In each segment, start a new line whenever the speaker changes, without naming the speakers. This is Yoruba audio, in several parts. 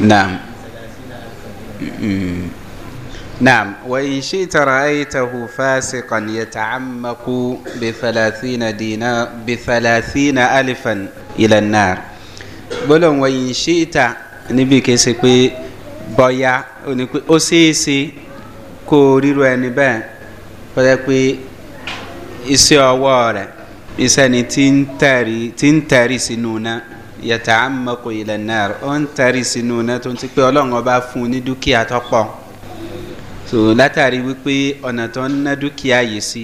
نعم نعم وإن شئت رأيته فاسقا يتعمق بثلاثين دينا بثلاثين ألفا إلى النار بلون وإن شئت níbi kìí ṣe pé bọ́yá ó ṣeé ṣe kó ríro isani tí ń tari tí ń tari sínú náà yàtà àmọ́kò ilẹ̀ náà ó ń tari sínú náà tó ti pé ọlọ́run ọba fún un ní dúkìá tó so látàrí wípé ọ̀nà tó ń ná dúkìá yìí sí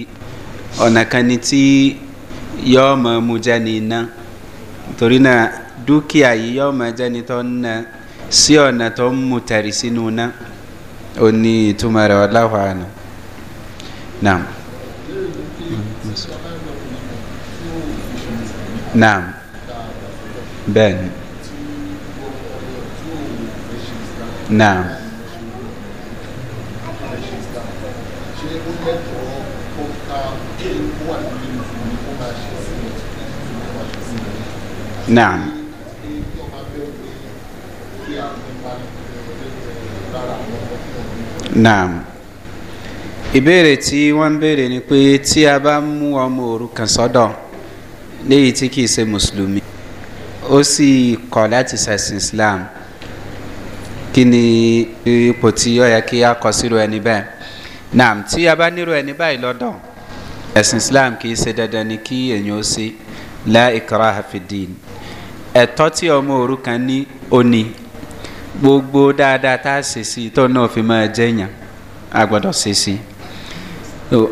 ọ̀nà kan ni tí yọ́ọ́ mọ̀ mu jẹ́ ní iná torí náà dúkìá yìí yọ́ọ́ mọ̀ jẹ́ ní tó ń ná sí mu tari sínú náà ó ní ìtumọ̀ rẹ̀ ọláhùn Naam naam bẹ́ẹ̀ ni naam. naam. naam ìbéèrè tí wọ́n ń béèrè ni pé tí a bá mú ọmọ òrukàn sọ́dọ̀ léyìí tí kìí ṣe mùsùlùmí ó sì kọ̀ láti ṣẹ̀sìn islam kí ni ipò tí ó yẹ kí a kọ sírò ẹni bẹ́ẹ̀ naam tí a bá nírò ẹni báyìí lọ́dọ̀ ẹ̀sìn islam kìí ṣe dandan ni kí èèyàn ó ṣe láìkọ́ra àfìdín ẹ̀tọ́ tí ọmọ òrukàn ní òní gbogbo dáadáa tá a ṣe sí tó náà fi máa jẹ́yàn a gbọ́dọ̀ ṣe sí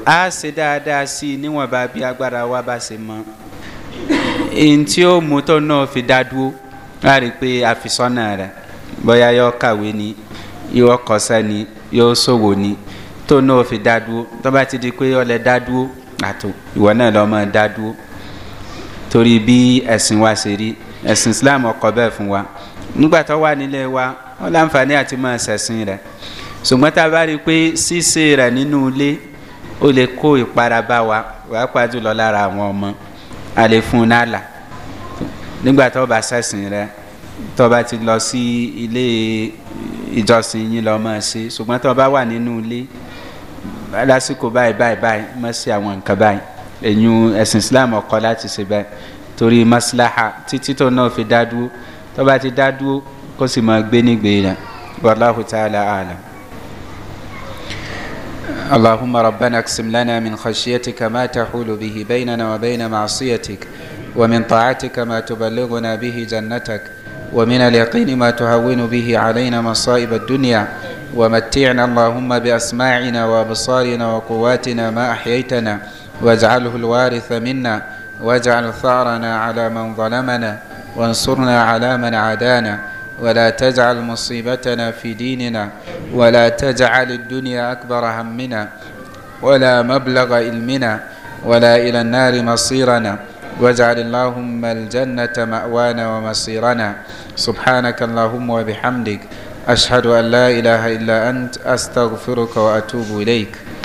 a ṣe dáadáa sí níwọ̀nba bí agbára wa bá ṣe mọ́ ntí ó mú tó náà fi dá dúró wá rí i pé àfisọ́nà rẹ̀ bóyá yóò kàwé ni yóò kọ́sẹ́ ni yóò ṣòwò ni tó náà fi dá dúró tó bá ti di pé ọlẹ́ dá dúró àtò ìwọ náà lọ́ mọ́ dá dúró torí bí ẹ̀sìn wa ṣe rí ẹ̀sìn Islam ọkọ bẹ́ẹ̀ fún wa nígbà tó wà nílé wa ó láǹfààní àti máa ṣẹ̀sìn rẹ̀ ṣùgbọ́n tá a bá rí i pé ṣíṣe rẹ̀ nínú ilé ó lè kó ìparaba wa wàá pàjùlọ lára àwọn ọmọ a lè fún un n'àlà nígbà tó bá sẹ̀sìn rẹ tó bá ti lọ sí ilé ìjọsìn yín lọ mọ̀ ṣe ṣùgbọ́n tó bá wà nínú ilé lásìkò báyìí báyìí báyìí mọ̀ sí àwọn nǹkan báyìí ẹ̀yìn ẹ̀sìn islam ọkọ láti ṣe bẹ́ẹ̀ torí maslaha títí tó náà fi dá dúró tó bá ti dá dúró kó sì máa gbé nígbè rẹ̀ wàláhùtà àlà àlà. اللهم ربنا اقسم لنا من خشيتك ما تحول به بيننا وبين معصيتك ومن طاعتك ما تبلغنا به جنتك ومن اليقين ما تهون به علينا مصائب الدنيا ومتعنا اللهم بأسماعنا وأبصارنا وقواتنا ما أحييتنا واجعله الوارث منا واجعل ثارنا على من ظلمنا وانصرنا على من عادانا ولا تجعل مصيبتنا في ديننا ولا تجعل الدنيا أكبر همنا ولا مبلغ علمنا ولا إلى النار مصيرنا واجعل اللهم الجنة مأوانا ومصيرنا سبحانك اللهم وبحمدك أشهد أن لا إله إلا أنت أستغفرك وأتوب إليك